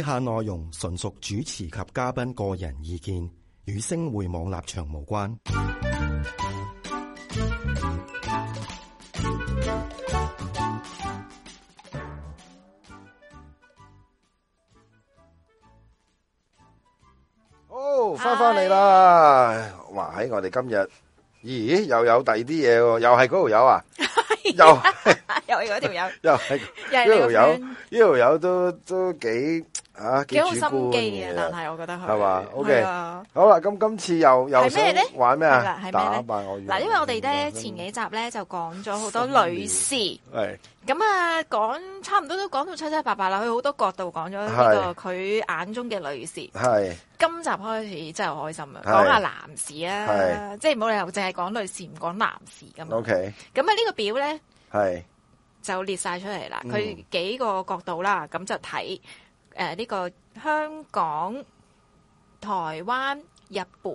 以下內容純屬主持及嘉賓個人意見，與星匯網立場無關。哦，oh，翻翻嚟啦！哇，喺我哋今日，咦，又有第二啲嘢喎，又係嗰條友啊，又又係嗰條友，又係又係呢條友，呢條友都都幾。啊，幾好心機嘅，但係我覺得佢係嘛，OK 好啦，咁今次又又玩咩啊？係咩咧？嗱，因為我哋咧前幾集咧就講咗好多女士，係咁啊，講差唔多都講到七七八八啦，佢好多角度講咗呢個佢眼中嘅女士，係今集開始真係開心啦，講下男士啊，即係冇理由淨係講女士唔講男士咁 OK 咁啊，呢個表咧係就列晒出嚟啦，佢幾個角度啦，咁就睇。誒，呢個香港、台灣、日本、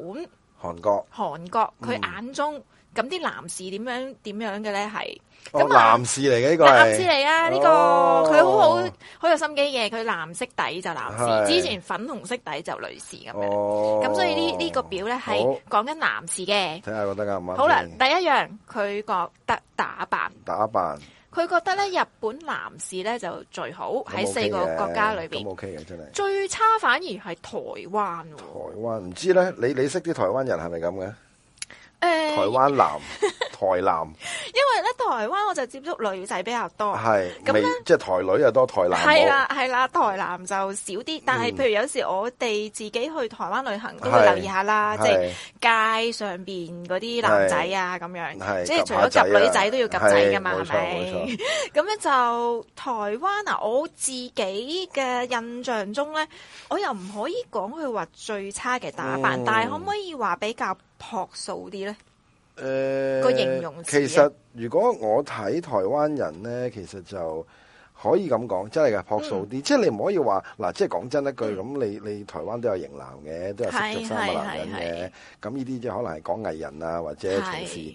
韓國、韓國，佢眼中咁啲男士點樣點樣嘅咧？係咁男士嚟嘅呢個，男士嚟啊呢個，佢好好好有心機嘅，佢藍色底就男士，之前粉紅色底就女士咁樣。哦，咁所以呢呢個表咧係講緊男士嘅。睇下覺得啱唔啱？好啦，第一樣佢覺得打扮，打扮。佢覺得咧，日本男士咧就最好，喺四個國家裏邊，最差反而係台，台灣。台灣唔知咧，你你識啲台灣人係咪咁嘅？台灣男，台男。因為咧台灣我就接觸女仔比較多。係，咁即係台女又多，台男。係啦係啦，台男就少啲。但係譬如有時我哋自己去台灣旅行，都會留意下啦，即係街上邊嗰啲男仔啊咁樣。即係除咗夾女仔都要夾仔噶嘛，係咪？咁咧就台灣啊，我自己嘅印象中咧，我又唔可以講佢話最差嘅打扮，但係可唔可以話比較？樸素啲咧？誒、呃，個形容詞、啊。其實如果我睇台灣人咧，其實就可以咁講，真係噶樸素啲、嗯。即係你唔可以話嗱，即係講真的一句咁、嗯，你你台灣都有型男嘅，都有十足三個男人嘅。咁呢啲即係可能係講藝人啊，或者從事。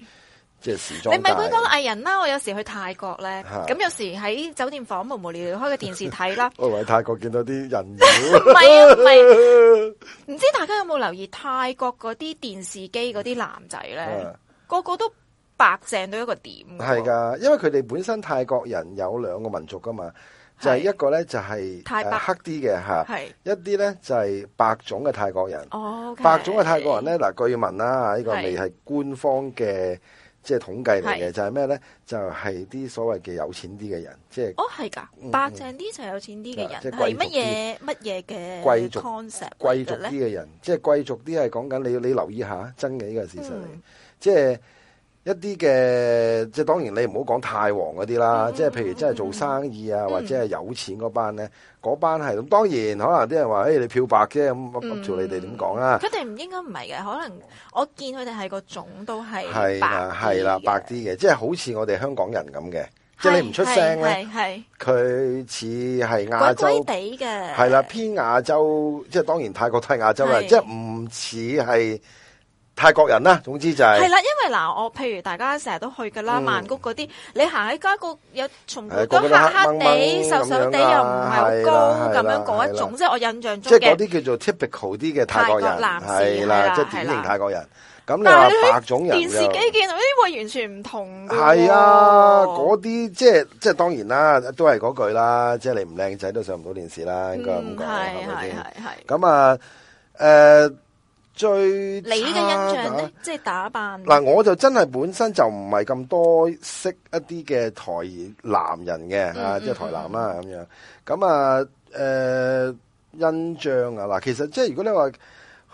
即係時裝。你咪講講藝人啦！我有時去泰國咧，咁有時喺酒店房無無聊聊開個電視睇啦。我喺泰國見到啲人妖。唔係啊，唔係。唔知大家有冇留意泰國嗰啲電視機嗰啲男仔咧，個個都白淨到一個點。係㗎，因為佢哋本身泰國人有兩個民族㗎嘛，就係一個咧就係黑啲嘅嚇，係一啲咧就係白種嘅泰國人。哦，白種嘅泰國人咧嗱，據聞啦，呢個未係官方嘅。即係統計嚟嘅係，就係咩咧？就係啲所謂嘅有錢啲嘅人，即係哦，係噶，嗯、白淨啲就係有錢啲嘅人，貴乜嘢乜嘢嘅貴族 concept 嚟嘅人。呢呢即係貴族啲係講緊你，你留意下，真嘅呢、呢個事實嚟，嗯、即係。一啲嘅，即係當然你唔好講泰皇嗰啲啦，即係、嗯、譬如真係做生意啊，嗯、或者係有錢嗰班咧，嗰、嗯、班係咁。當然可能啲人話，誒、hey, 你漂白啫，咁咁做你哋點講啦佢哋唔應該唔係嘅，可能我見佢哋係個種都係白，係啦、啊啊、白啲嘅，即係好似我哋香港人咁嘅，是即係你唔出聲咧，佢似係亞洲，係啦、啊、偏亞洲，即係當然泰國都係亞洲啦，是即係唔似係。泰國人啦，總之就係係啦，因為嗱，我譬如大家成日都去㗎啦，曼谷嗰啲，你行喺街度有從來都黑黑地、瘦瘦地又唔係好高咁樣嗰一種，即係我印象中嘅。即係嗰啲叫做 typical 啲嘅泰國人，係啦，即係典型泰國人。咁你係白種人，電視機見到嗰啲會完全唔同。係啊，嗰啲即係即係當然啦，都係嗰句啦，即係你唔靚仔都上唔到電視啦，應該咁講係係係係。咁啊，誒。最你嘅印象咧，啊、即係打扮嗱、啊，我就真係本身就唔係咁多識一啲嘅台男人嘅、嗯、啊，即、就、係、是、台男啦咁樣。咁啊，誒、啊啊啊、印象啊，嗱、啊，其實即係如果你話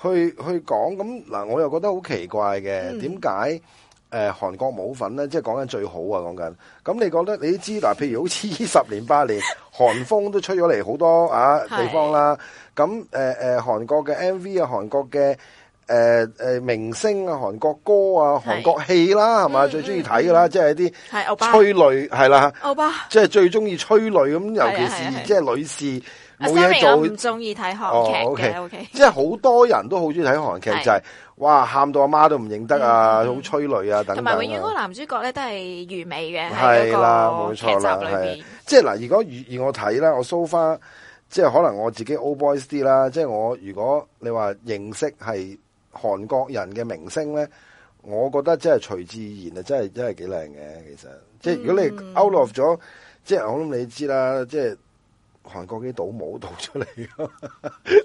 去去講咁嗱、啊，我又覺得好奇怪嘅，點解誒韓國舞粉咧，即、就、係、是、講緊最好啊，講緊。咁你覺得你都知嗱、啊，譬如好似十年八年。 韓風都出咗嚟好多、啊、是地方啦，咁誒、呃呃、韓國嘅 MV 韓國嘅誒誒明星韓國歌韓國戲啦，係咪？最中意睇噶啦，嗯、即係一啲催淚係啦，即係歐巴最中意催淚咁，尤其是，是，是，是，即係女士。冇嘢做，好唔中意睇韓劇。O K O K，即係好多人都好中意睇韓劇， 就係、是、哇，喊到阿媽都唔認得啊，好、嗯、催淚啊等等啊。唔係的，如果男主角咧都係完美嘅，係啦，冇錯啦，係。即係嗱，如果以我睇啦，我 so far，即係可能我自己 Old Boys 啲啦。即係我如果你話認識係韓國人嘅明星咧，我覺得即係隨自然，啊，真係真係幾靚嘅。其實，即係如果你 out of 咗、嗯，即係我諗你知啦，即係。韓國啲度舞蹈出嚟咯，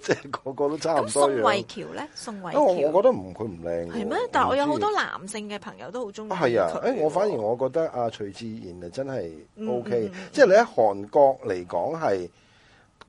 即係個個都差唔多。宋慧喬咧，宋慧喬，我覺得唔佢唔靚。係咩？但係我有好多男性嘅朋友都好中意。係啊、哎，我反而我覺得阿徐志賢誒真係 OK，即係、嗯嗯嗯、你喺韓國嚟講係。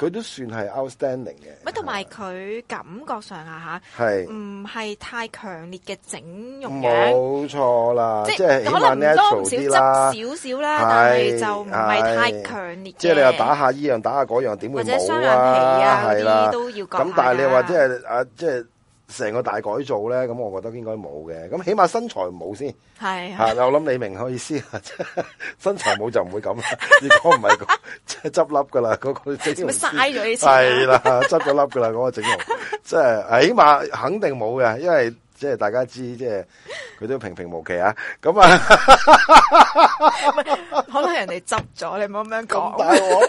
佢都算係 outstanding 嘅，咪同埋佢感覺上啊下，係唔係太強烈嘅整容？冇錯啦，即係可能都唔少執少少啦，但係就唔係太強烈嘅、啊。即係你話打下呢、這、樣、個、打下嗰樣點會好啊？或者雙眼皮啊，係啦、啊，咁、啊啊、但係你話即係啊即係。成個大改造咧，咁我覺得應該冇嘅。咁起碼身材冇先，係！我諗你明我意思，身材冇就唔會咁啦，如果唔係即係執粒㗎喇，嗰個整容。咁咪嘥咗啲錢，係啦，執咗粒㗎喇，嗰個整容，即係起碼肯定冇嘅，因為。即係大家知，即係佢都平平無奇啊！咁啊， 可能係人哋執咗，你冇咁樣講。大我，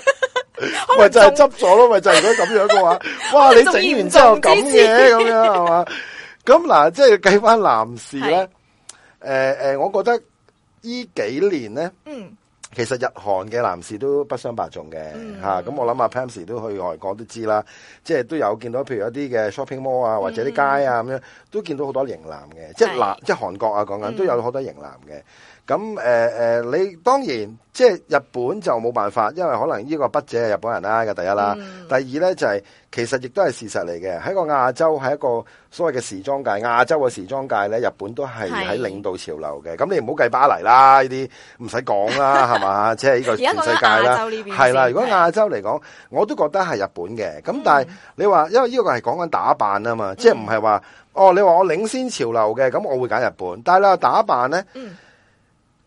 咪 還就係執咗咯？咪就如果咁樣嘅話， 哇！能你整完之後咁嘅，咁 樣係嘛？咁嗱、啊，即係計翻男士咧，誒誒、 呃呃，我覺得依幾年咧，嗯。其實日韓嘅男士都不相伯仲嘅嚇，咁、嗯啊、我諗 Pam 時都去外國都知啦，即係都有見到，譬如一啲嘅 shopping mall 啊，或者啲街啊咁樣，嗯、都見到好多型男嘅，是即係男，即係韓國啊講緊、嗯、都有好多型男嘅。咁誒誒，你當然即係日本就冇辦法，因為可能呢個筆者係日本人啦，嘅第一啦，嗯、第二咧就係、是。其實亦都係事實嚟嘅，喺個亞洲，係一個所謂嘅時裝界，亞洲嘅時裝界呢，日本都係喺領導潮流嘅。咁是你唔好計巴黎啦，呢啲唔使講啦，係嘛？ 即係呢個全世界啦。係啦，如果亞洲嚟講，是我都覺得係日本嘅。咁但係你話，嗯、因為呢個係講緊打扮啊嘛，嗯、即係唔係話哦？你話我領先潮流嘅，咁我會揀日本。但係啦，打扮呢，誒、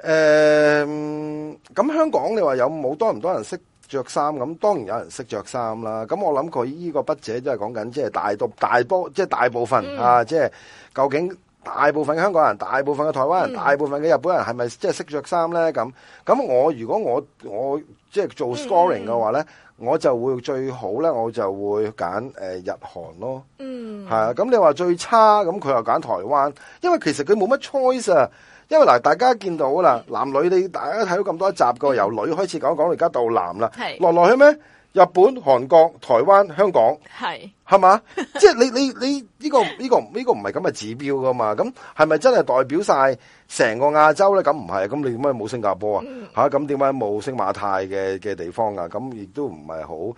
嗯，咁、呃、香港你話有冇多唔多人識？着衫咁，當然有人識着衫啦。咁我諗佢依個筆者都係講緊，即係大多大多，即係大部分、嗯、啊，即係究竟大部分香港人、大部分嘅台灣人、嗯、大部分嘅日本人係咪即係識着衫咧？咁咁我如果我我即係做 scoring 嘅話咧，嗯、我就會最好咧，我就會揀、呃、日韓咯。嗯，係啊。咁你話最差咁，佢又揀台灣，因為其實佢冇乜 choice、啊。因為嗱，大家見到啦，男女你大家睇到咁多集個，由女開始講講，而家到男啦，來來去去咩？日本、韓國、台灣、香港，係係嘛？即係你你你呢個呢個呢個唔係咁嘅指標噶嘛？咁係咪真係代表晒成個亞洲咧？咁唔係，咁你點解冇新加坡啊？嚇，咁點解冇星馬泰嘅嘅地方啊？咁亦都唔係好。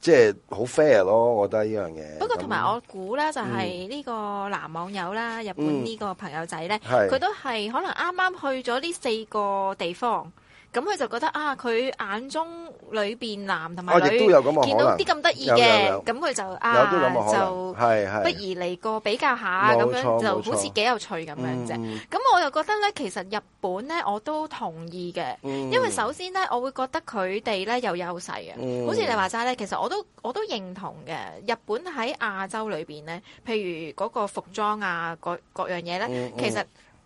即係好 fair 咯，我覺得呢樣嘢。不過同埋樣我估啦，就係呢個男網友啦，嗯、日本呢個朋友仔咧，佢、嗯、都係可能啱啱去咗呢四個地方。咁佢就覺得啊，佢眼中裏面男同埋女、哦、都有見到啲咁得意嘅，咁佢就啊有有就不如嚟個比較下咁是樣，錯就好似幾有趣咁樣啫。咁我又覺得咧，其實日本咧我都同意嘅，嗯、因為首先咧，我會覺得佢哋咧有優勢嘅，好似、嗯、你話齋咧，其實我都我都認同嘅。日本喺亞洲裏面咧，譬如嗰個服裝啊，各，各樣嘢咧，嗯嗯其實。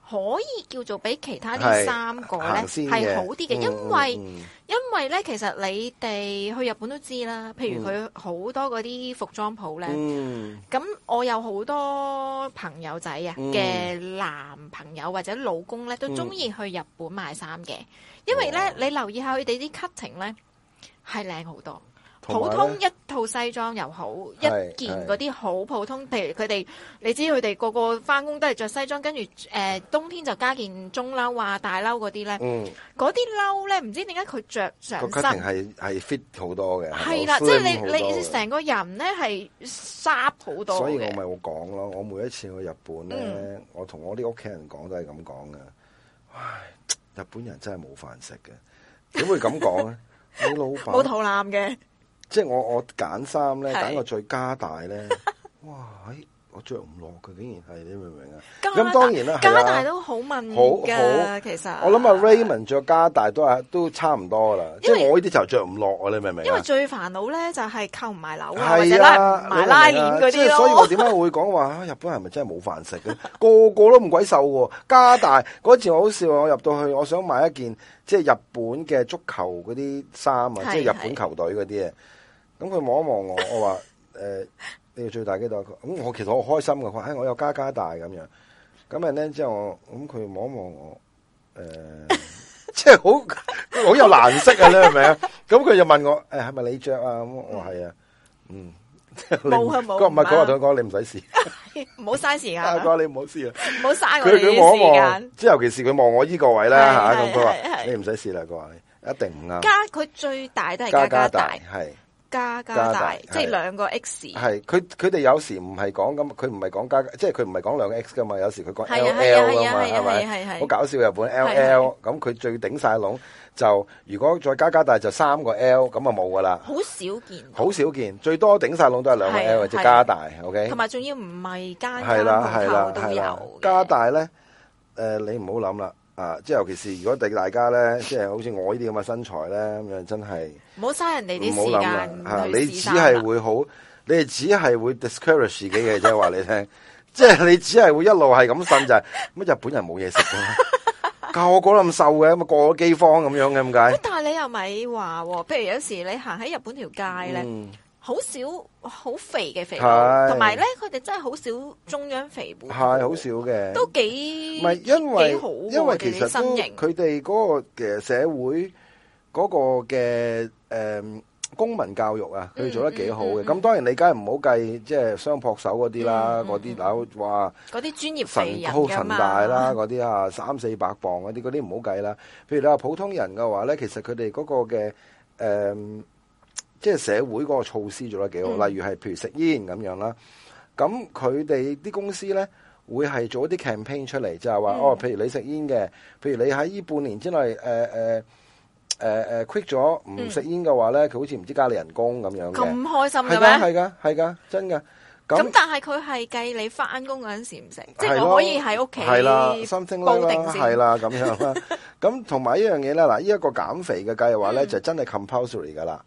可以叫做比其他啲三個咧，係好啲嘅，嗯、因為、嗯、因為咧其實你哋去日本都知啦，譬如佢好多啲服裝鋪咧，咁、嗯、我有好多朋友仔啊嘅男朋友或者老公咧、嗯、都中意去日本買衫嘅，嗯、因為咧哇你留意下佢哋啲 cutting 咧係靚好多。普通一套西裝又好，一件嗰啲好普通，譬如佢哋，你知佢哋個個翻工都係着西裝，跟住誒冬天就加件中褸啊、大褸嗰啲咧，嗰啲褸咧唔知點解佢着上身係係 fit 好多嘅，係啦，即係你你成個人咧係沙好多。所以我咪講咯，我每一次去日本咧，我同我啲屋企人講都係咁講嘅。唉，日本人真係冇飯食嘅，點會咁講咧？你老冇肚腩嘅。即係我我揀衫咧，揀個最加大咧，哇！我着唔落佢竟然係，你明唔明啊？咁當然啦，加大都好問嘅。其實我諗阿 Raymond 着加大都係都差唔多噶啦。即係我呢啲就着唔落啊！你明唔明？因為最煩惱咧就係扣唔埋褸，或者係買拉鏈嗰啲。所以我點解會講話，日本係咪真係冇飯食嘅？個個都唔鬼瘦嘅。加大嗰次我好笑，我入到去，我想買一件即係日本嘅足球嗰啲衫啊，即係日本球隊嗰啲啊。咁佢望一望我，我話誒，你最大幾多？咁我其實好開心嘅，話誒，我有加加大咁樣。咁咧之後，咁佢望一望我，誒，即係好好有難色啊？咧係咪啊？咁佢就問我，誒，係咪你着啊？咁我係啊，嗯，冇啊，冇，唔係佢啊，同佢講你唔使試，唔好嘥時間，哥你唔好試啊，唔好嘥我。佢佢望一望，即係尤其是佢望我呢個位啦吓，咁佢話你唔使試啦，佢話你一定唔啱。加佢最大都係加加大，係。加大即係兩個 X，係佢佢哋有時唔係講咁，佢唔係講加，即係佢唔係講兩個 X 噶嘛。有時佢講 L L 噶嘛，係咪？好搞笑日本 L L 咁，佢最頂晒籠就如果再加加大就三個 L 咁啊冇噶啦，好少見，好少見，最多頂晒籠都係兩個 L 或者加大，OK。同埋仲要唔係加大，係啦，係啦，都有加大咧。誒，你唔好諗啦。啊！即係尤其是如果大家咧，即係好似我呢啲咁嘅身材咧，咁樣真係唔好嘥人哋啲時間。吓，你只係會好，你只係會 discourage 自己嘅啫。話你聽，即係你只係會一路係咁呻就係乜日本人冇嘢食嘅，個個咁瘦嘅，咁啊過咗饑荒咁樣嘅，咁解？但係你又咪話，譬如有時你行喺日本條街咧。嗯好少好肥嘅肥佬，同埋咧，佢哋真係好少中央肥胖，係好少嘅，都幾唔係，因為因為其實身型佢哋嗰個嘅社會嗰個嘅誒公民教育啊，佢哋做得幾好嘅。咁當然你梗係唔好計，即係相撲手嗰啲啦，嗰啲嗱哇，嗰啲專業肥人噶嘛，神高神大啦嗰啲啊，三四百磅嗰啲，嗰啲唔好計啦。譬如你話普通人嘅話咧，其實佢哋嗰個嘅誒。即係社會嗰個措施做得幾好，嗯、例如係譬如食煙咁樣啦，咁佢哋啲公司咧會係做一啲 campaign 出嚟，就係、是、話、嗯、哦，譬如你食煙嘅，譬如你喺呢半年之內誒誒誒誒 quit 咗唔食煙嘅話咧，佢、嗯、好似唔知加你人工咁樣嘅，咁開心嘅咩？係噶係噶真噶。咁但係佢係計你翻工嗰陣時唔食，即係我可以喺屋企啦，保證先係啦咁樣啦。咁同埋一樣嘢咧，嗱呢一個減肥嘅計劃咧，就真係 compulsory 噶啦，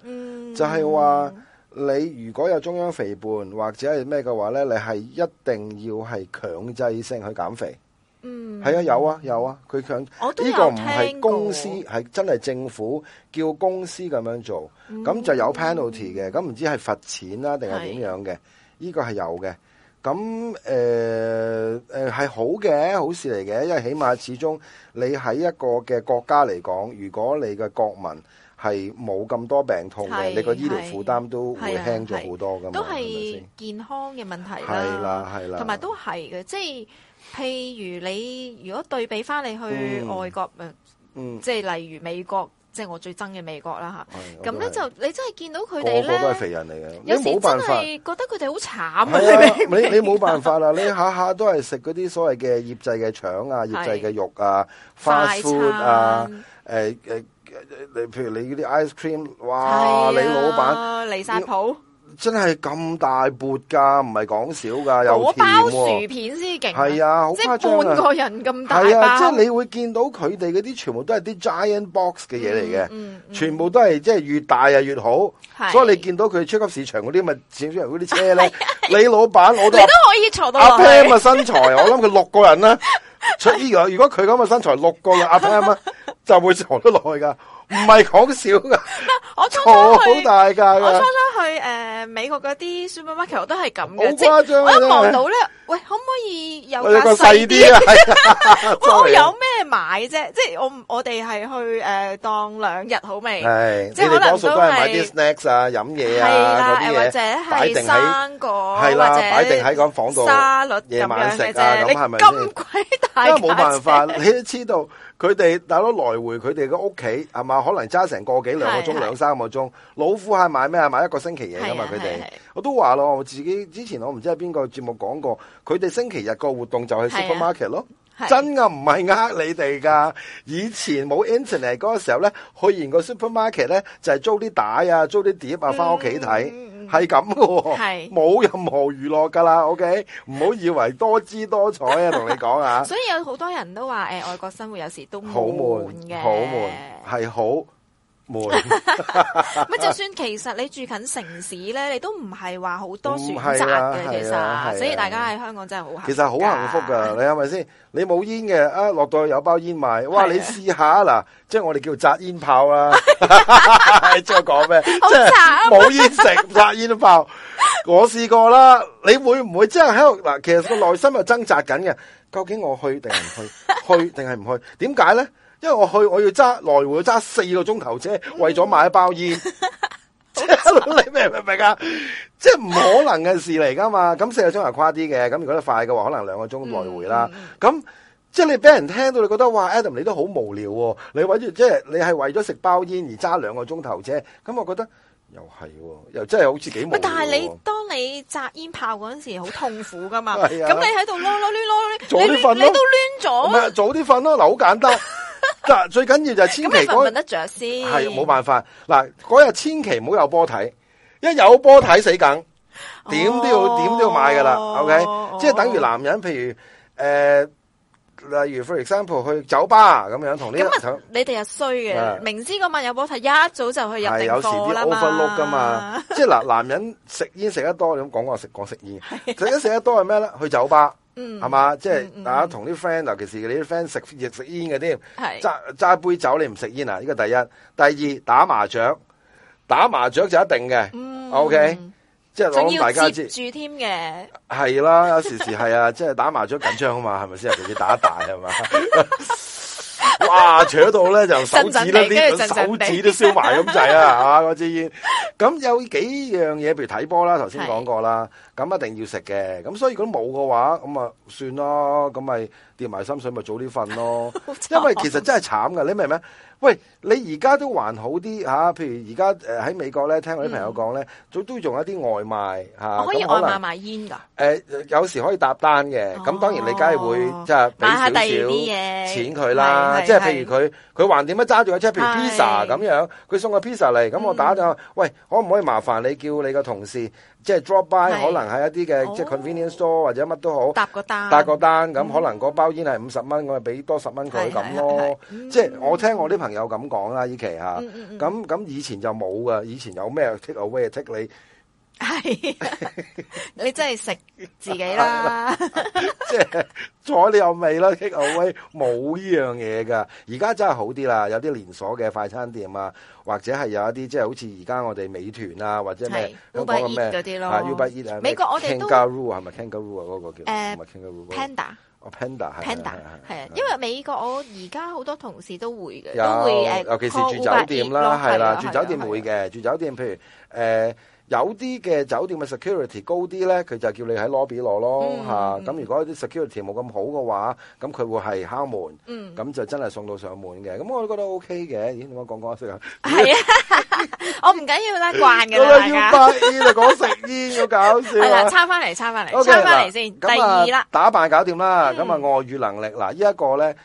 就係話你如果有中央肥胖或者係咩嘅話咧，你係一定要係強制性去減肥。嗯，係啊，有啊，有啊，佢強，呢個唔係公司，係真係政府叫公司咁樣做，咁就有 penalty 嘅，咁唔知係罰錢啦，定係點樣嘅？呢個係有嘅，咁誒誒係好嘅好事嚟嘅，因為起碼始終你喺一個嘅國家嚟講，如果你嘅國民係冇咁多病痛嘅，係你個醫療負擔都會輕咗好多噶嘛，都係健康嘅問題啦，係啦係啦，同埋都係嘅，即係譬如你如果對比翻你去外國，嗯，嗯，即係例如美國。即係我最憎嘅美國啦吓，咁咧就你真係見到佢哋咧，都係肥人嚟嘅，有時真係覺得佢哋好慘啊！你你冇辦法啦、啊，你下下都係食嗰啲所謂嘅醃製嘅腸啊、醃是製嘅肉啊、fast food 啊、啊啊、譬如你嗰啲 ice cream，哇！你、啊、老闆離晒譜。真係咁大撥噶，唔係講少噶，有甜包薯片先勁。係啊，好誇張啊，半個人咁大包。係啊，即係你會見到佢哋嗰啲，全部都係啲 giant box 嘅嘢嚟嘅。全部都係即係越大啊越好。所以你見到佢超級市場嗰啲咪少少人嗰啲車咧？你老闆，我哋你都可以坐到阿 Pam 嘅身材，我諗佢六個人啦，出呢個。如果佢咁嘅身材，六個阿 Pam 啊，就會坐得落去噶，唔係講少噶。我坐好大架誒，美國嗰啲 supermarket 都係咁嘅，即係我一望到咧，喂，可唔可以有細啲啊？我有咩買啫？即係我我哋係去誒，當兩日好未？係即係，可能都係 snacks 啊，飲嘢啊，或者擺定喺個，生果，擺定喺個房度沙律嘢食啊，咁係咪咁鬼大？因為冇辦法，你都知道。佢哋大佬來回佢哋嘅屋企係嘛？可能揸成個幾兩個鐘是是 兩三個鐘。老虎係買咩啊？買一個星期嘢㗎嘛！佢哋我都話咯，我自己之前我唔知係邊個節目講過，佢哋星期日個活動就係 supermarket 咯，是啊、真嘅唔係呃你哋㗎。是啊、以前冇 internet 嗰個時候咧，去完個 supermarket 咧就係、是、租啲帶啊，租啲碟啊，翻屋企睇。係咁喎，冇、哦、是任何娛樂噶啦，OK？唔好以為多姿多彩啊，同 你講啊。所以有好多人都話、呃，外國生活有時都好悶，好悶嘅，係好，好。咪沒 就算其實你住近城市咧，你都唔係話好多選擇嘅。其實，啊啊啊啊、所以大家喺香港真係好幸，其實好幸福噶，你係咪先？你冇煙嘅，啊，落到去有包煙賣。哇，啊、你試下啦，即係我哋叫扎煙炮啊！即我講咩？即係冇煙食，扎煙炮。我試過啦，你會唔會即係喺度嗱？其實個內心係掙扎緊嘅，究竟我去定係唔去？去定係唔去？點解咧？因為我去我要揸來回要揸四個鐘頭車，為咗買一包煙，即你明唔明啊？即係唔可能嘅事嚟噶嘛。咁四個鐘係誇啲嘅，咁如果得快嘅話，可能兩個鐘來回啦。咁即係你俾人聽到，你覺得哇，Adam 你都好無聊喎！你搵住即係你係為咗食包煙而揸兩個鐘頭車，咁我覺得又係，又真係好似幾無聊。但係你當你扎煙炮嗰陣時，好痛苦噶嘛？咁你喺度攞攞攣攣，你你都攣咗。早啲瞓咯，嗱，好簡單。嗱， 最緊要就係千祈講，瞓得着先，係冇辦法。嗱，嗰日千祈唔好有波睇，一有波睇死梗，點都要點、哦、都要買噶啦。O、okay? K，、哦、即係等於男人，譬如誒、呃，例如 for example 去酒吧咁樣同啲，你哋係衰嘅，的明知嗰晚有波睇，一早就去入 o k 㗎嘛。嘛 即係嗱，男人食煙食得多，咁講啊？我食講 食煙食得食得多係咩咧？去酒吧。嗯，係嘛，即係大家同啲 friend，尤其是你啲 friend 食食煙嘅添，揸揸係杯酒你唔食煙啊？呢個第一，第二打麻雀，打麻雀就一定嘅、嗯、，OK，即係攞大家住添嘅，係啦，有時時係啊，即係、就是、打麻雀緊張啊嘛，係咪先？俾、就、你、是、打一大係咪？ 吧 哇！扯到咧就手指啦，啲，手指都燒埋咁滯啊！啊，嗰支煙。咁有幾樣嘢，譬如睇波啦，頭先講過啦。咁係，一定要食嘅。咁所以如果冇嘅話，咁啊算咯。咁咪跌埋心水，咪早啲瞓咯。慘。因為其實真係慘噶，你明唔明？喂，你而家都還好啲吓，譬如而家誒喺美國咧，聽我啲朋友講咧，總都仲有啲外賣吓，我可以外賣買煙噶。誒，有時可以搭單嘅，咁當然你梗係會即係俾少少錢佢啦。即係譬如佢佢還點樣揸住架車，譬如 pizza 咁樣，佢送個 pizza 嚟，咁我打電話，喂，可唔可以麻煩你叫你個同事即係 drop by，可能係一啲嘅即係 convenience store 或者乜都好，搭個單，搭個單，咁可能嗰包煙係五十蚊，我咪俾多十蚊佢咁咯。即係我聽我啲朋朋友咁講啦，依期嚇，咁咁以前就冇噶，以前有咩 take away take 你係你真係食自己啦，即係在你又未啦，take away 冇呢樣嘢噶，而家真係好啲啦，有啲連鎖嘅快餐店啊，或者係有一啲即係好似而家我哋美團啊，或者咩？Uber Eats 嗰啲咯，Uber Eats 啊，美國我哋都 Kangaroo 係咪 Kangaroo 啊？嗰個叫誒 Panda。我 Panda 係，係啊，因為美國我而家好多同事都會嘅，都會誒，尤其是住酒店啦，係啦，住酒店會嘅，住酒店譬如誒。有啲嘅酒店嘅 security 高啲咧，佢就叫你喺 lobby 攞咯吓。咁如果啲 security 冇咁好嘅話，咁佢會係敲門，咁就真係送到上門嘅。咁我都覺得 OK 嘅。咦，點解講講下啊？係啊，我唔緊要啦，慣嘅啦，大家。講食啲，要搞笑。係啦，差翻嚟，差翻嚟，差翻嚟先。第二啦，打扮搞掂啦。咁啊，外語能力嗱，呢一個咧，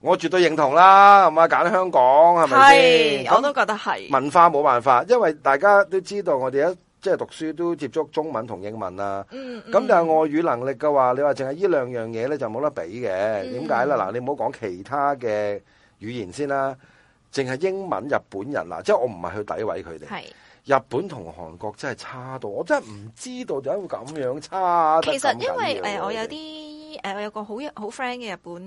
我絕對認同啦。咁啊，揀香港係咪先？我都覺得係。文化冇辦法，因為大家都知道我哋一。即係讀書都接觸中文同英文啦、啊，咁但係外語能力嘅話，嗯、你話淨係呢兩樣嘢咧就冇得比嘅。點解咧？嗱，你唔好講其他嘅語言先啦，淨係英文、日本人啦。即係我唔係去詆毀佢哋。係是日本同韓國真係差到，我真係唔知道點解會咁樣差、啊。其實因為誒、呃，我有啲誒、呃，我有個好好 friend 嘅日本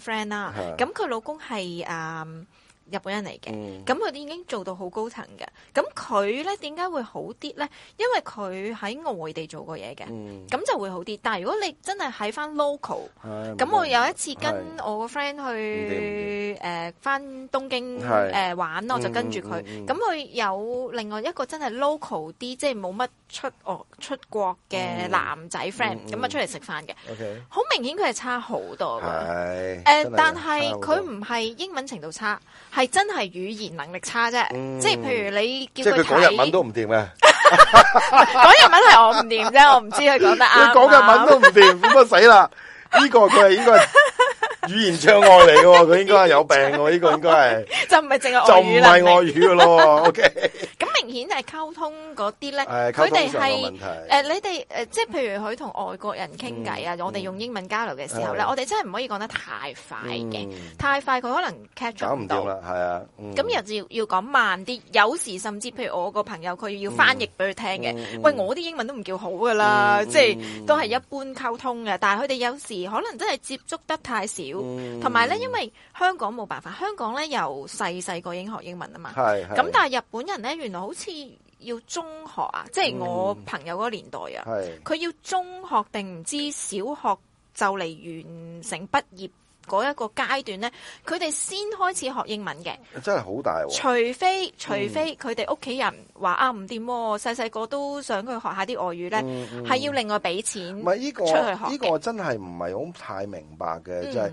friend 啦、啊，咁佢、啊、老公係啊。Um, 日本人嚟嘅，咁佢哋已經做到好高層嘅，咁佢咧點解會好啲咧？因為佢喺外地做過嘢嘅，咁就會好啲。但係如果你真係喺返 local，咁我有一次跟我個 friend 去誒返東京誒玩啦，我就跟住佢。咁佢有另外一個真係 local 啲，即係冇乜出哦出國嘅男仔 friend，咁啊出嚟食飯嘅，ok 好明顯佢係差好多嘅。係但係佢唔係英文程度差。係真係語言能力差啫，嗯、即係譬如你叫佢講日文都唔掂咩？講日文係我唔掂啫，我唔知佢講得啱，佢講日文都唔掂，咁啊 死啦！呢 個佢係應該。 語言障礙嚟嘅喎，佢應該係有病嘅喎，呢個應該係就唔係淨係就唔係外語嘅咯，OK？咁明顯就係溝通嗰啲咧，佢哋係誒你哋誒，即係譬如佢同外國人傾偈啊，我哋用英文交流嘅時候咧，我哋真係唔可以講得太快嘅，太快佢可能 catch 唔到啦，係啊。咁又要要講慢啲，有時甚至譬如我個朋友佢要翻譯俾佢聽嘅，喂，我啲英文都唔叫好㗎啦，即係都係一般溝通嘅，但係佢哋有時可能真係接觸得太少。同埋咧，因為香港冇辦法，香港咧由細細個已經學英文啊嘛。咁但係日本人咧，原來好似要中學啊，即係我朋友嗰個年代啊，佢、嗯、要中學定唔知小學就嚟完成畢業。嗰一個階段咧，佢哋先開始學英文嘅，真係好大喎！除非、嗯、除非佢哋屋企人話、嗯、啊，唔掂、哦，細細個都想佢學下啲外語咧，係、嗯嗯、要另外俾錢。唔係依個出去學，依、呢個我真係唔係好太明白嘅，嗯、就係呢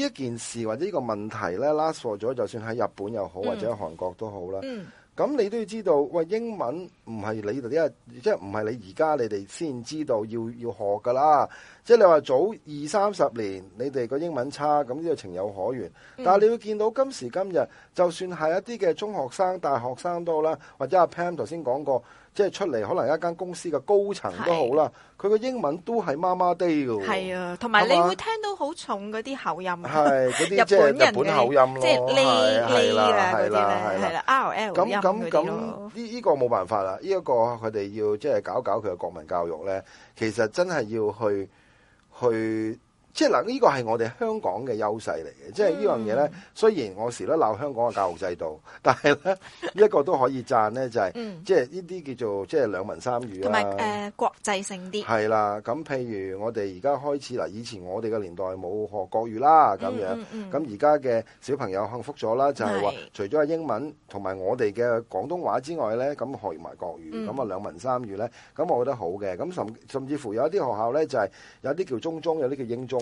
一件事或者呢個問題咧，拉錯咗，就算喺日本又好，嗯、或者喺韓國都好啦。嗯嗯。咁你都要知道，喂，英文唔係你哋啲，即係唔係你而家你哋先知道要要學噶啦。即係你話早二三十年你哋個英文差，咁呢個情有可原。但係你會見到今時今日，嗯、就算係一啲嘅中學生、大學生都好啦，或者阿 Pam 頭先講過。即係出嚟，可能一間公司嘅高層都好啦，佢個英文都係嘛嘛哋㗎。係啊，同埋你會聽到好重嗰啲口音。係嗰啲即係日本口音咯，係係啦係啦係啦 R L 咁咁咁，呢呢個冇辦法啦，呢一個佢哋要即係搞搞佢嘅國民教育咧，其實真係要去去。即係嗱，呢個係我哋香港嘅優勢嚟嘅，即係呢樣嘢咧。雖然我時都鬧香港嘅教育制度，但係咧，呢一個都可以讚咧，就係即係呢啲叫做即係兩文三語啦。同埋誒國際性啲。係啦，咁譬如我哋而家開始嗱，以前我哋嘅年代冇學國語啦，咁樣咁而家嘅小朋友幸福咗啦，就係話除咗係英文同埋我哋嘅廣東話之外咧，咁學埋國語，咁啊兩文三語咧，咁我覺得好嘅。咁甚甚至乎有一啲學校咧，就係有啲叫中中，有啲叫英中。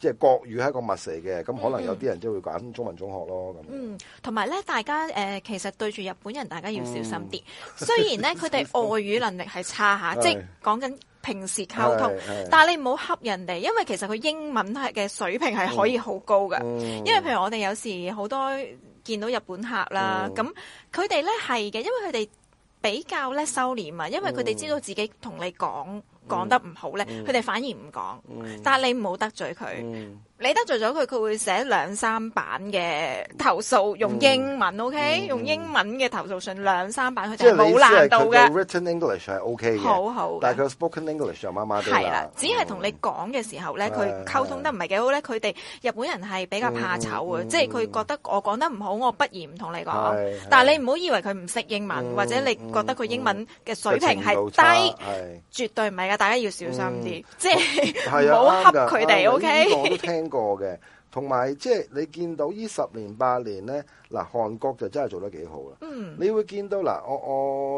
即係國語係一個物嚟嘅，咁可能有啲人就會揀中文中學咯咁。嗯，同埋咧，大家、呃、其實對住日本人，大家要小心啲。嗯、雖然咧，佢哋 外語能力係差下，即係講緊平時溝通，但係你唔好恰人哋，因為其實佢英文嘅水平係可以好高㗎。嗯、因為譬如我哋有時好多見到日本客啦，咁佢哋咧係嘅，因為佢哋比較呢收斂啊，因為佢哋知道自己同你講。講得唔好咧，佢哋、嗯、反而唔講，但係你唔好得罪佢。嗯你得罪咗佢，佢會寫兩三版嘅投訴，用英文，OK，用英文嘅投訴信兩三版，佢就係冇難度嘅。Written English 係 OK 嘅，好好。但係佢 spoken English 就麻麻啲啦。係啦，只係同你講嘅時候咧，佢溝通得唔係幾好咧。佢哋日本人係比較怕醜嘅，即係佢覺得我講得唔好，我不如唔同你講。但係你唔好以為佢唔識英文，或者你覺得佢英文嘅水平係低，絕對唔係噶，大家要小心啲，即係唔好恰佢哋。OK。個嘅，同埋即係你見到呢十年八年呢，嗱韓國就真係做得幾好啦。嗯，你會見到嗱，我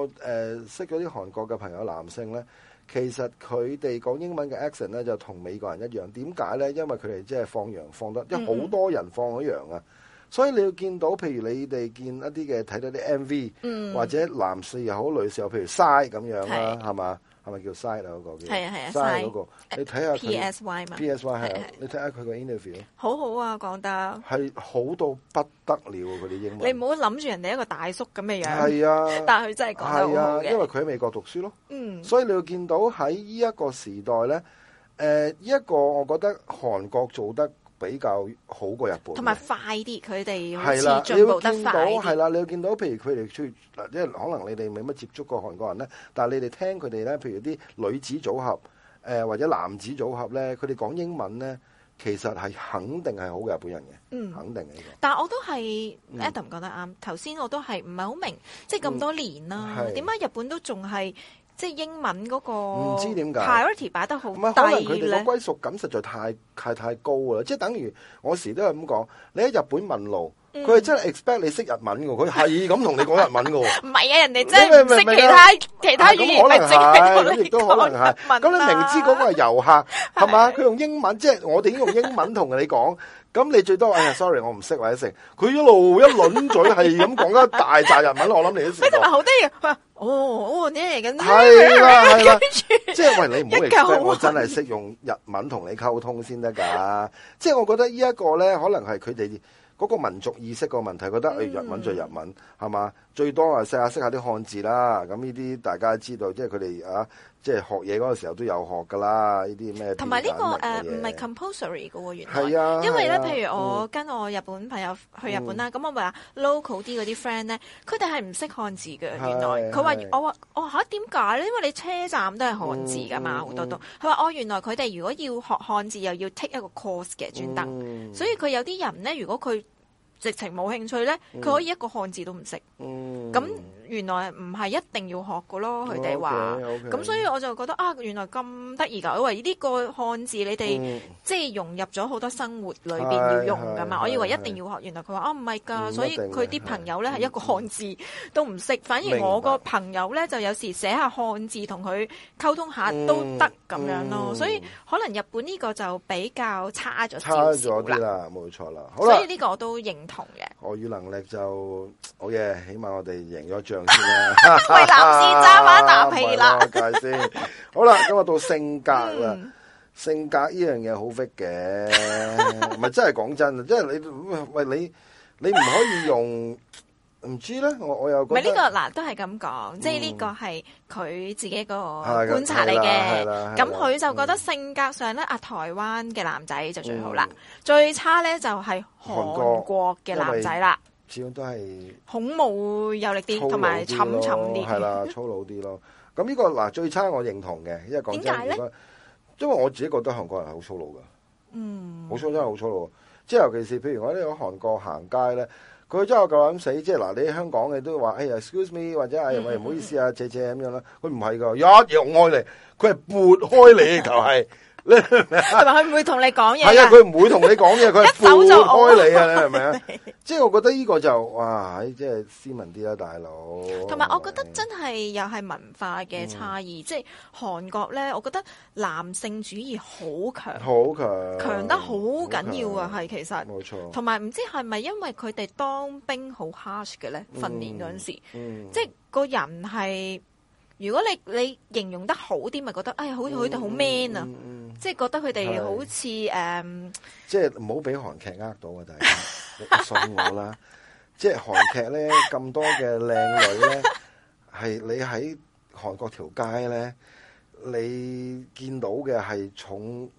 我誒識咗啲韓國嘅朋友，男性呢，其實佢哋講英文嘅 accent 呢，就同美國人一樣。點解呢？因為佢哋即係放羊放得，因為好多人放咗羊啊，嗯，所以你要見到，譬如你哋見一啲嘅睇到啲 MV，或者男士又好，女士又好，譬如曬咁樣啦，係嘛？係咪叫 side 啊嗰個？係啊係啊 side 嗰個。你睇下 P.S.Y 嘛。P.S.Y 係、啊。係啊、你睇下佢個 interview。好好啊，講得。係好到不得了，佢啲英文。你唔好諗住人哋一個大叔咁嘅樣。係啊。但係佢真係講得好嘅。係啊，因為佢喺美國讀書咯。嗯。所以你會見到喺呢一個時代咧，誒、呃，呢一個我覺得韓國做得。比較好過日本的，同埋快啲，佢哋好似進步得快啲。係啦，你有見到？見到譬如佢哋出，即係可能你哋冇乜接觸過韓國人咧，但係你哋聽佢哋咧，譬如啲女子組合，誒、呃、或者男子組合咧，佢哋講英文咧，其實係肯定係好過日本人嘅，嗯，肯定嘅。但係我都係 Adam 講得啱，頭先、嗯、我都係唔係好明白，即係咁多年啦、啊，點解、嗯、日本都仲係？即係英文嗰個，唔知點解，priority 擺得好，唔係可能佢哋個歸屬感實在太太太高啦。即係等於我時都係咁講，你喺日本問路，佢係真係 expect 你識日文嘅，佢係咁同你講日文嘅。唔係啊，人哋真係唔識其他其他語言嚟直逼你，咁亦都可能係。咁你明知嗰個係遊客，係嘛？佢用英文，即係我哋已經用英文同你講。咁你最多哎呀，sorry，我唔識或者成。佢一路一輪嘴係咁講緊大堆日文， 我諗你都識。你同埋好得意，哇、啊！哦哦呢，咁係啦係啦，即係喂，你唔好嚟，我真係識用日文同你溝通先得噶。即係我覺得呢一個咧，可能係佢哋嗰個民族意識個問題，覺得誒日文就日文，係嘛、嗯？最多啊，識下識下啲漢字啦，咁呢啲大家知道，即係佢哋啊，即係學嘢嗰個時候都有學噶啦，呢啲咩？同埋呢個誒唔係 compulsory 嘅喎，原來。係啊。因為咧，啊、譬如我跟我日本朋友去日本啦，咁、嗯、我咪話 local 啲嗰啲 friend 咧，佢哋係唔識漢字嘅，是原來。佢話：是我話我話嚇點解咧？因為你車站都係漢字㗎嘛，好、嗯、多都。佢話：哦，原來佢哋如果要學漢字，又要 take 一個 course 嘅，專登。嗯、所以佢有啲人咧，如果佢直情冇興趣咧，佢可以一個漢字都唔識，咁、嗯。原來唔係一定要學㗎咯，佢哋話，咁所以我就覺得啊，原來咁得意㗎！因為呢個漢字你哋即係融入咗好多生活裏邊要用㗎嘛，我以為一定要學，原來佢話哦，唔係㗎，所以佢啲朋友咧係一個漢字都唔識，反而我個朋友咧就有時寫下漢字同佢溝通下都得咁樣咯。所以可能日本呢個就比較差咗少少啦，冇錯啦。所以呢個我都認同嘅。漢語能力就好嘅，起碼我哋贏咗仗。唔係男士揸玩男戲啦，係咪先？好啦，咁我到性格啦，性格呢樣嘢好 fit 嘅，唔係真係講真啊，即係你喂你你唔可以用，唔知咧，我我又唔係呢個嗱，都係咁講，即係呢個係佢自己個觀察嚟嘅，咁佢就覺得性格上咧啊，台灣嘅男仔就最好啦，最差咧就係韓國嘅男仔啦。始終都係恐怖有力啲，同埋沉沉啲。係啦的， 粗魯啲咯。咁呢、這個嗱最差我認同嘅，因為點解咧？為因為我自己覺得韓國人係好粗魯噶。嗯，好粗魯，真係好粗魯。即係尤其是譬如我喺韓國行街咧，佢真係夠膽死。即係嗱，你喺香港嘅都會話，哎呀，excuse me，或者哎呀，喂、嗯，唔好意思啊，借借」咁樣啦。佢唔係噶，一用開你，佢係撥開你，就係。 係咪你？同埋佢唔會同你講嘢？係啊，佢唔會同你講嘢，佢一走就開你啊，係咪啊？ 即係我覺得呢個就哇，即係斯文啲啦，大佬。同埋，我覺得真係又係文化嘅差異，嗯、即係韓國咧，我覺得男性主義好強，好強強，強得好緊要啊！係強其實冇錯，同埋唔知係咪因為佢哋當兵好 harsh 嘅咧，訓練嗰陣時，即係個人係。如果你你形容得好啲，咪覺得哎呀，好似佢哋好 man 啊，即係覺得佢哋好似誒，即係唔好俾韓劇呃到啊！大家信我啦，即係韓劇咧咁多嘅靚女咧，係你喺韓國條街咧，你見到嘅係重。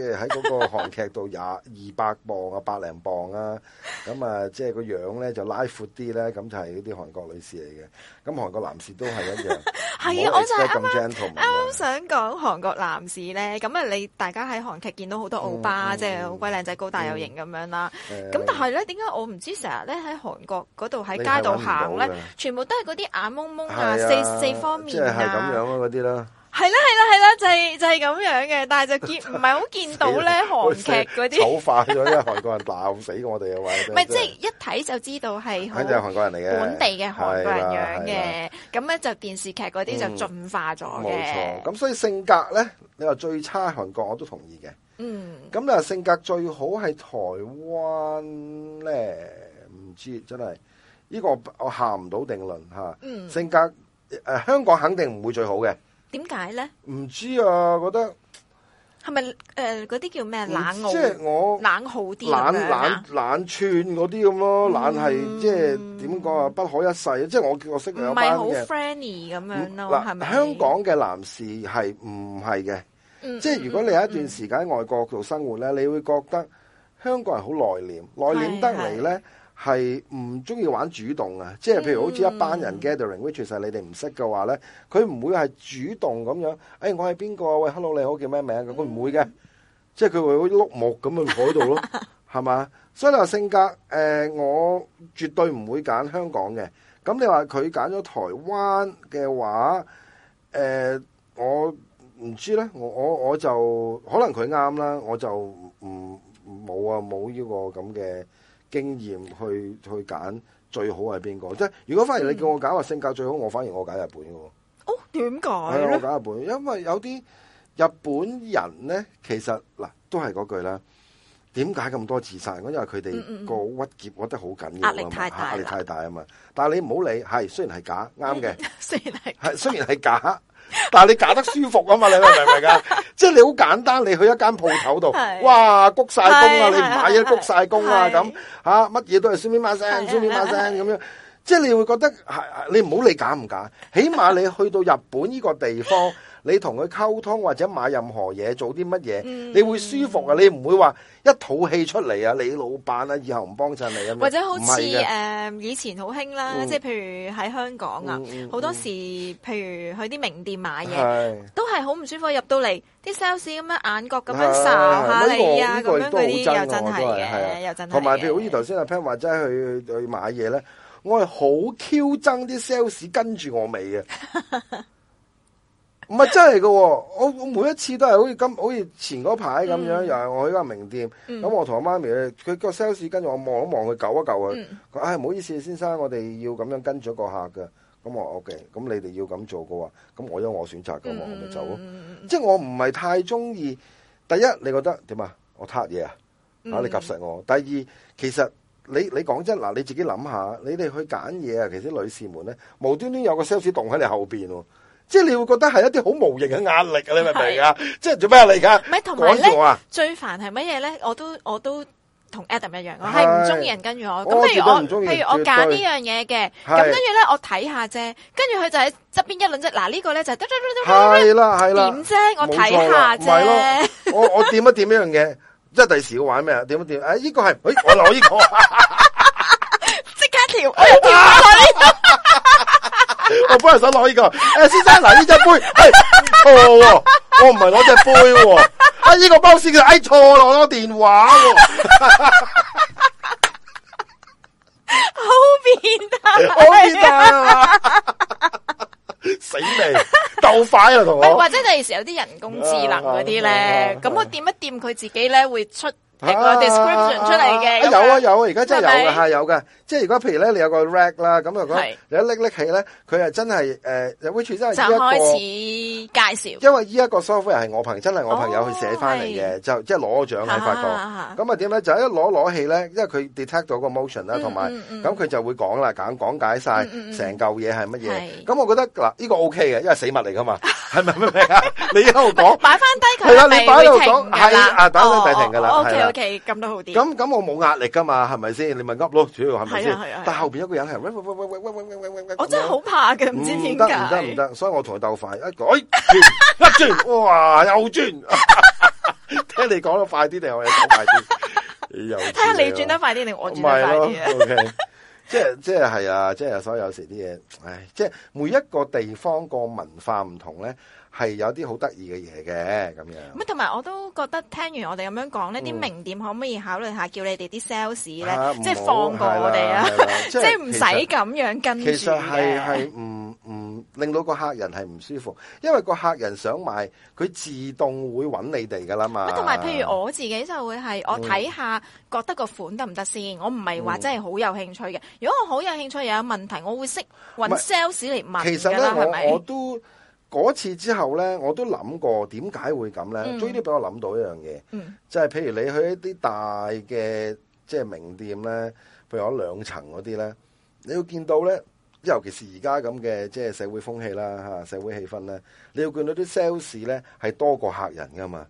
喺嗰個韓劇度廿二百磅啊，百零磅啊，咁啊，即係個樣咧就拉闊啲咧，咁就係嗰啲韓國女士嚟嘅。咁韓國男士都係一樣。係啊，我就咁啱啱啱想講韓國男士咧，咁啊，你大家喺韓劇見到好多歐巴，即係好鬼靚仔、高大有型咁樣啦。咁但係咧，點解我唔知成日咧喺韓國嗰度喺街度行咧，全部都係嗰啲眼蒙蒙啊，四四方面，即係係咁樣啊，嗰啲啦。係啦係啦係啦，就係就係咁樣嘅，但係就見唔係好見到咧，韓劇嗰啲醜化咗，因為韓國人鬧死我哋啊嘛！咪即係一睇就知道係，肯定係韓國人嚟嘅，本地嘅韓國人樣嘅，咁咧就電視劇嗰啲就進化咗。冇錯，咁所以性格咧，你話最差韓國我都同意嘅。嗯，咁你話性格最好係台灣咧，唔知真係呢個我下唔到定論吓。嗯，性格誒香港肯定唔會最好嘅。點解咧？唔知啊，覺得係咪誒嗰啲叫咩冷傲？即係我冷好啲，冷冷冷串嗰啲咁咯，冷係即係點講啊？不可一世啊！即係我我識兩班嘅，唔係好 friendly 咁樣咯。嗱，係咪香港嘅男士係唔係嘅？即係如果你有一段時間喺外國度生活咧，你會覺得香港人好內斂，內斂得嚟咧。係唔中意玩主動啊！即係譬如好似一班人 gathering，which、嗯、其實你哋唔識嘅話呢，佢唔會係主動咁樣。誒、哎，我係邊個？喂，hello，你好，叫咩名？咁佢唔會嘅，嗯、即係佢會好碌木咁樣坐喺度咯，係嘛？ 所以你話性格誒、呃，我絕對唔會揀香港嘅。咁你話佢揀咗台灣嘅話，誒、呃，我唔知呢，我我我就可能佢啱啦，我就唔冇啊冇呢個咁嘅。經驗去去揀最好係邊個？即係如果反而你叫我揀話、嗯、性格最好，我反而我揀日本嘅喎。哦，點解咧？我揀日本，因為有啲日本人咧，其實嗱都係嗰句啦。點解咁多自殺？因為佢哋個鬱結屈得好緊，要，力太大，好緊要，壓壓力太大啊嘛。但係你唔好理，係雖然係假，啱嘅，雖然係 雖然係假。雖然 但係你假得舒服啊嘛，你明唔明㗎？ 即係你好簡單，你去一間鋪頭度， 的哇，鞠晒躬啊，你唔買嘢鞠晒躬啊，咁乜嘢都係 sumimasen，sumimasen 咁樣，即係你會覺得，啊、你唔好理假唔假，起碼你去到日本呢個地方。 你同佢溝通或者買任何嘢做啲乜嘢，你會舒服啊！你唔會話一套氣出嚟啊！你老闆啊，以後唔幫襯你啊！或者好似誒以前好興啦，即係譬如喺香港啊，好多時譬如去啲名店買嘢，都係好唔舒服。入到嚟啲 sales 咁樣眼角咁樣掃下你啊，咁樣嗰啲又真係嘅，又真係。同埋譬如好似頭先阿 Pan 話齋去去買嘢咧，我係好 Q 憎啲 sales 跟住我尾嘅。唔係真係噶、哦，我我每一次都係好似咁，好似前嗰排咁樣，嗯、又係我去間名店，咁、嗯、我同我媽咪佢個 sales 跟住我望一望佢，救一救佢。佢唉唔好意思，先生，我哋要咁樣跟咗個客噶。咁我 OK，咁你哋要咁做噶話，咁我有我選擇噶嘛，嗯、我咪走咯。即係我唔係太中意。第一，你覺得點啊？我撻嘢啊？吓你夾實我。第二，其實你你講真嗱，你自己諗下，你哋去揀嘢啊，其實女士們咧，無端端有個 sales 棟喺你後邊。即係你會覺得係一啲好無形嘅壓力，你明唔明啊？即係做咩啊？你而家唔係同埋咧最煩係乜嘢咧？我都我都同 Adam 一樣，我係唔中意人跟住我。咁譬如我譬如我揀呢樣嘢嘅，咁跟住咧，我睇下啫。跟住佢就喺側邊一輪啫。嗱，呢個咧就係係啦係啦，點啫？我睇下啫。我我點一點呢樣嘢？即係第時要玩咩啊？點一點？誒，呢個係我攞呢個即刻跳跳我我本來想攞呢個，誒，先生嗱，呢隻杯係錯喎，我唔係攞隻杯喎，啊，呢個包先叫哎，錯咯，攞電話，好變啊，好變啊，死未，夠快啊，同埋，或者第時有啲人工智能嗰啲咧，咁我掂一掂佢自己咧會出個 description 出嚟嘅。有啊有啊，而家真係有㗎係有㗎。即係如果譬如咧，你有個 rack 啦，咁如果你一拎拎起咧，佢係真係誒，which 真係依一個開始介紹。因為依一個 software 係我朋友真係我朋友去寫翻嚟嘅，就即係攞獎發覺。咁啊點咧？就一攞攞起咧，因為佢 detect 到個 motion 啦，同埋咁佢就會講啦，講講解晒成嚿嘢係乜嘢。咁我覺得嗱，呢個 O K 嘅，因為死物嚟噶嘛，係咪？咩咩啊？你一路講，擺翻低佢係啦，你擺喺度講係啦，等等暫停噶啦，OK OK，咁都好啲。咁咁我冇壓力噶嘛，係咪先？你咪噏咯，主要係。但後邊一個人係喂喂喂喂喂喂喂喂喂，喂喂喂我真係好怕嘅，唔知點解。得唔得唔得，所以我同佢鬥快一個，轉一轉，哇，又轉。 聽你講得快啲定我哋講快啲？又睇下你轉、啊、得快啲定我轉得快啲啊？O K，即係即係係啊，okay, 即係、啊、所以有時啲嘢，唉，即係每一個地方個文化唔同咧。係有啲好得意嘅嘢嘅咁樣。咁同埋我都覺得聽完我哋咁樣講呢啲名店，可唔可以考慮下叫你哋啲 sales 咧，啊、即係放過別我哋啊，即係唔使咁樣跟住嘅。其實係係唔唔令到個客人係唔舒服，因為個客人想買，佢自動會揾你哋噶啦嘛。同埋譬如我自己就會係我睇下覺得個款得唔得先，嗯、我唔係話真係好有興趣嘅。如果我好有興趣又有問題，我會識揾 sales 嚟問。其實吧我，我都。嗰次之後咧，我都諗過點解會咁咧？終於都俾我諗到一樣嘢，嗯嗯、就係譬如你去一啲大嘅即係名店咧，譬如嗰兩層嗰啲咧，你要見到咧，尤其是而家咁嘅即係社會風氣啦嚇，社會氣氛咧，你要見到啲 sales 咧係多過客人噶嘛，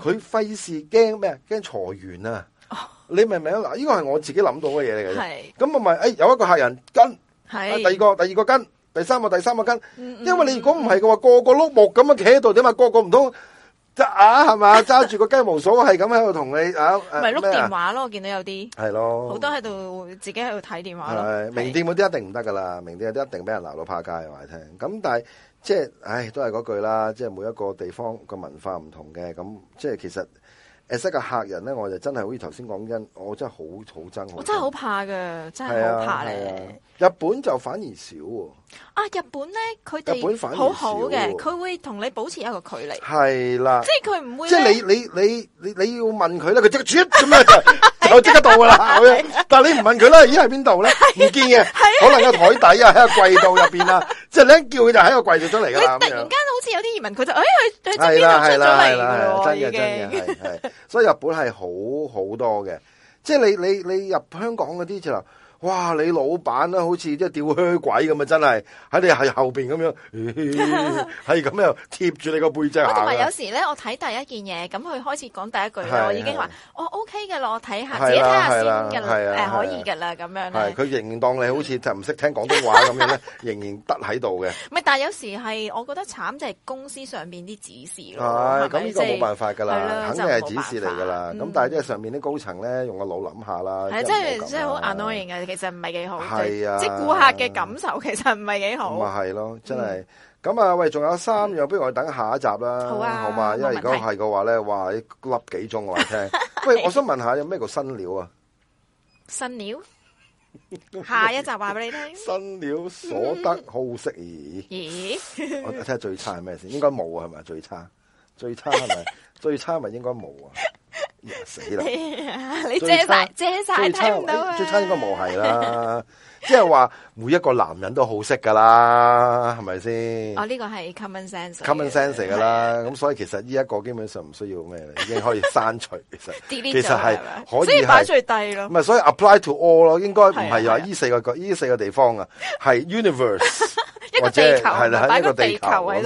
佢費事驚咩？驚裁員啊！哦、你明唔明啊？嗱，呢個係我自己諗到嘅嘢嚟嘅，咁我咪誒有一個客人跟，係是、哎、第二個第二個跟。第三個第三個跟，因為你如果唔係嘅話，個個碌木咁樣企喺度，點啊？個個唔通扎係嘛，揸住個雞毛掃，係咁喺度同你，咪碌電話咯，我見到有啲係咯，好多喺度自己喺度睇電話咯。名店嗰啲一定唔得噶啦，名店嗰啲一定俾人鬧到趴街話你聽。咁但係即係，唉，都係嗰句啦，即係每一個地方個文化唔同嘅，咁即係其實。誒，識個客人咧，我就真係好似頭先講真，我真係好好憎，憎我真係好怕噶，真係好怕咧、啊啊。日本就反而少。啊，日本咧，佢哋好好嘅，佢會同你保持一個距離。係啦，即係佢唔會。即係你你你你你要問佢咧，佢即刻轉我即刻到噶啦， 啊、但係你唔問佢咧，咦喺邊度咧？唔、啊、見嘅，啊、可能個台底啊，喺個櫃度入邊啊，即係你叫佢就喺個櫃度出嚟噶啦。突然間好似有啲移民，佢就哎，佢佢即刻出咗嚟嘅，真嘅的經真嘅，係係。所以日本係好好多嘅，即係你你你入香港嗰啲就。哇！你老闆咧，好似即係吊靴鬼咁啊！真係喺你係後邊咁樣，係咁又貼住你個背脊行嘅。咁有時咧，我睇第一件嘢，咁佢開始講第一句，我已經話我 OK 嘅啦，我睇下，自己睇下先嘅啦，誒可以嘅啦，咁樣咧。係佢仍然當你好似就唔識聽廣東話咁樣咧，仍然得喺度嘅。唔係，但係有時係我覺得慘，就係公司上邊啲指示咯。係咁，呢個冇辦法㗎啦，肯定係指示嚟㗎啦。咁但係即係上面啲高層咧，用個腦諗下啦。係即係真係好 annoying 嘅。其實唔係幾好，係啊、即係顧客嘅感受其實唔係幾好。咁啊係咯，真係。咁啊、嗯、喂，仲有三樣，不如我哋等下一集啦。好啊，好嘛吧。因為如果係嘅話咧，哇，凹幾鐘我聽。 是喂，我想問下，有咩叫「新料啊？新料？新料 下一集話俾你聽。新料所得好適宜」嗯。咦？我睇下最差係咩先？應該冇啊，係咪最差？最差係咪？ 最差咪應該冇啊？死啦！你遮晒遮晒，睇唔到最差應該冇係啦。即係話每一個男人都好識噶啦，係咪先？哦，呢個係 common sense，common sense 嚟噶啦。咁所以其實呢一個基本上唔需要咩，已經可以刪除。其實其實係可以係，所以擺最低咯。唔係，所以 apply to all 咯，應該唔係話呢四個角，呢四個地方啊，係 universe 一個地球，係啦，擺個地球喺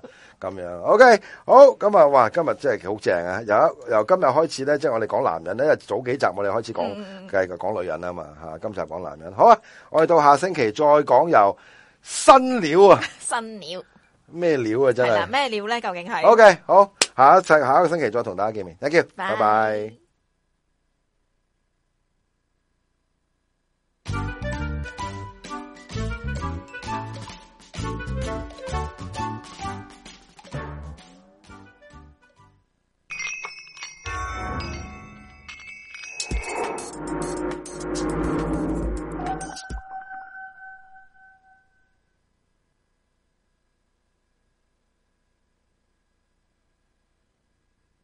度。咁樣，OK，好，咁啊，哇，今日真係好正啊！由由今日開始咧，即係我哋講男人咧，因為早幾集我哋開始講，梗係講女人啦嘛，吓，今集講男人，好啊，我哋到下星期再講又新料啊，新料咩料啊，真係咩料咧？究竟係 OK，好，下一次下一個星期再同大家見面，thank you，拜拜。